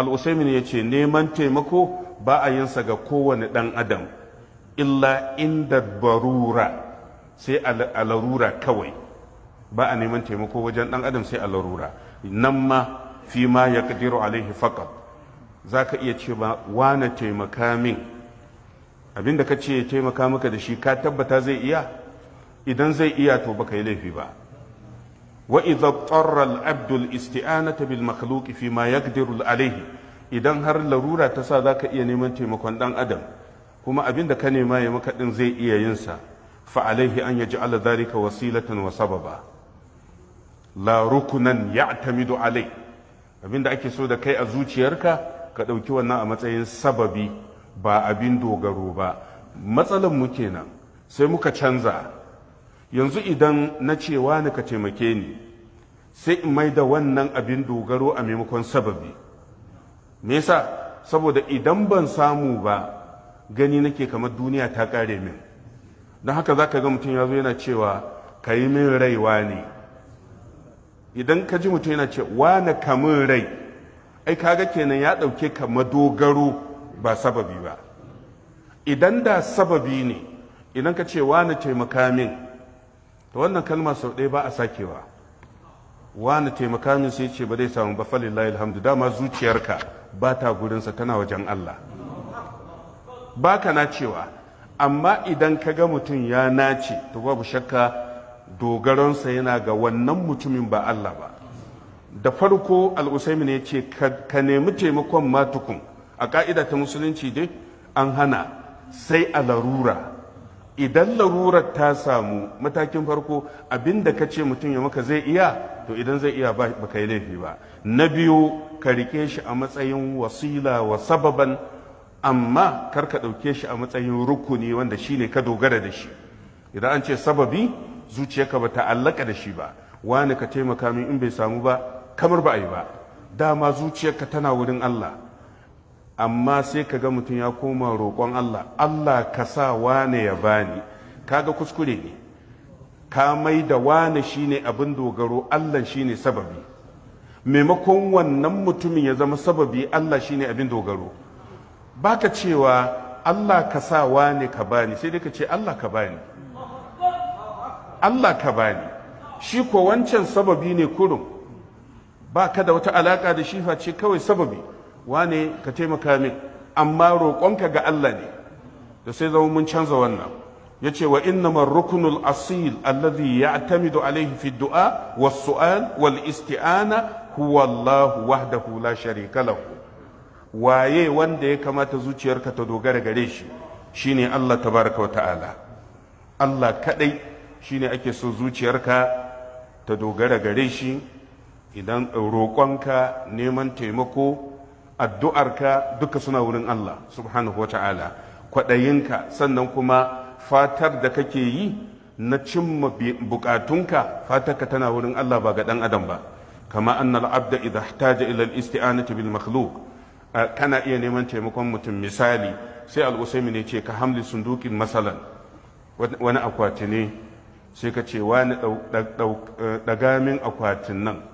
al'usaimin ya ce neman taimako ba a yinsa ga kowane ɗan adam illa inda barura sai a larura kawai ba a neman taimako wajen ɗan adam sai a larura nan ma fi ma ya kadiru alaihi faƙat za ka iya ce ba wane taimaka min abinda ka ce ya taimaka maka da shi ka tabbata zai iya idan zai iya to baka yi laifi ba wa idza Abdul al-abdu al-isti'anata bil ma alayhi idan har larura ta sa zaka iya neman taimakon dan adam kuma abin da ka nema ya maka zai iya yin sa fa alaihi an yaj'ala dhalika wasilatan wa sababa la rukunan ya'tamidu alai abin da ake so da kai a zuciyarka ka ɗauki wannan a matsayin sababi ba abin dogaro ba matsalan mu kenan sai muka canza yanzu idan na cewa ni ka taimake ni sai in mai da wannan abin dogaro a maimakon sababi me yasa saboda idan ban samu ba gani nake kamar duniya ta kare min don haka za ka ga mutum ya yana cewa ka yi min raiwa ne idan ka ji mutum yana ce ka kamun rai ai kaga kenan ya ɗauke ka madogaro ba sababi ba idan da sababi ne idan ka ce wani taimaka min to wannan kalma sau ɗaya ba a sakewa wani taimaka min sai ce ba zai samu ba falillahi alhamdu dama zuciyarka ba ta gurinsa tana wajen Allah ba ka cewa amma idan ka ga mutum ya nace to babu shakka dogaronsa yana ga wannan mutumin ba Allah ba da farko al'usaimi ne ce ka nemi taimakon matukun a ka'ida ta musulunci dai an hana sai a larura idan larurar ta samu matakin farko abinda ka ce mutum ya maka zai iya to idan zai iya ba ka yi laifi ba na biyu ka rike shi a matsayin wasila wa sababan amma kar ka ɗauke shi a matsayin rukuni wanda shi ne ka dogara da shi idan an ce sababi zuciyarka ba ta allaka da shi ba wani ka taimaka min in bai samu ba kamar ba a yi ba dama zuciyarka tana wurin Allah amma sai ka ga mutum ya koma roƙon Allah Allah ka sa wane ya bani kaga kuskure ne ka mai da wane shine abin dogaro Allah shine sababi maimakon wannan mutumin ya zama sababi Allah shine abin dogaro baka cewa Allah ka sa wane ka bani sai dai ka ce Allah ka bani Allah ka bani shi ko wancan sababi ne kurum ba ka da wata alaka da shi face kawai sababi wane ka taimaka min amma roƙonka ga Allah ne da sai zama mun canza wannan ya ce wa innamar rukunul asil alladhi ya'tamidu alaihi fi du'a was su'al wal isti'ana huwa Allah wahdahu la sharika lahu waye wanda ya kamata zuciyarka ta dogara gare shi shine Allah tabaraka ta'ala Allah kadai shine ake so zuciyarka ta dogara gare shi idan roƙonka neman taimako addu'arka duka suna wurin Allah subhanahu wata'ala kwaɗayinka sannan kuma fatar da kake yi na cimma bukatunka fatarka tana wurin Allah ba ga ɗan adam ba kama annal abda idha ihtaja ila al-isti'anati bil makhluq kana iya neman taimakon mutum misali sai al-usaymin ya ce ka hamli sundukin masalan wani akwati ne sai ka ce wani ɗagamin akwatin nan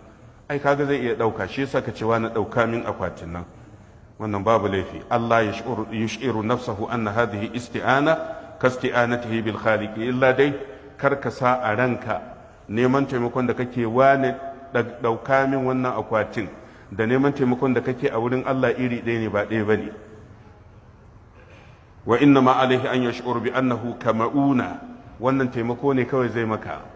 ai kaga zai iya ɗauka shi yasa ka cewa na ɗauka min akwatin nan wannan babu laifi Allah yushiru nafsahu anna hadhihi isti'ana ka isti'anatihi bil khaliq illa dai kar ka sa a ranka neman taimakon da kake wani ɗauka min wannan akwatin da neman taimakon da kake a wurin Allah iri ɗaya ne ba ɗaya bane wa inna ma alaihi an yash'uru bi annahu kama'una wannan taimako ne kawai zai maka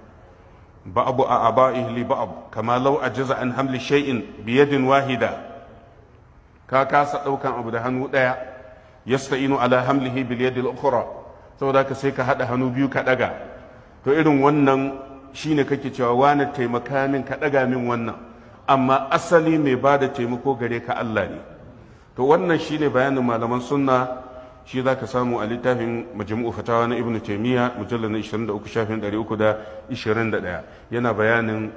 ba'abu a aba'ih li ba'ab kama lau'a jaza an hamli shay'in bi wahida ka kasa ɗaukan abu da hannu ɗaya yasta'inu inu hamlihi bil yadil ukhra saboda ka sai ka haɗa hannu biyu ka ɗaga. to irin wannan shine kake cewa wani taimaka ka ɗaga min wannan amma asali mai da taimako gare ka Allah ne to wannan shine bayanin malaman sunna shi za ka samu a littafin majmu'u fatawa na ibnu taimiyya mujalla na 23 shafin 321 yana bayanin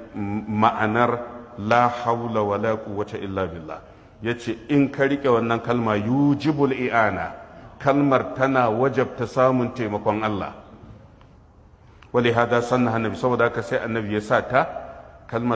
ma'anar la haula wa la quwwata illa billah yace in ka rike wannan kalma yujibul i'ana kalmar tana wajabta samun taimakon Allah wali hada sanna annabi saboda haka sai annabi ya sa ta kalmar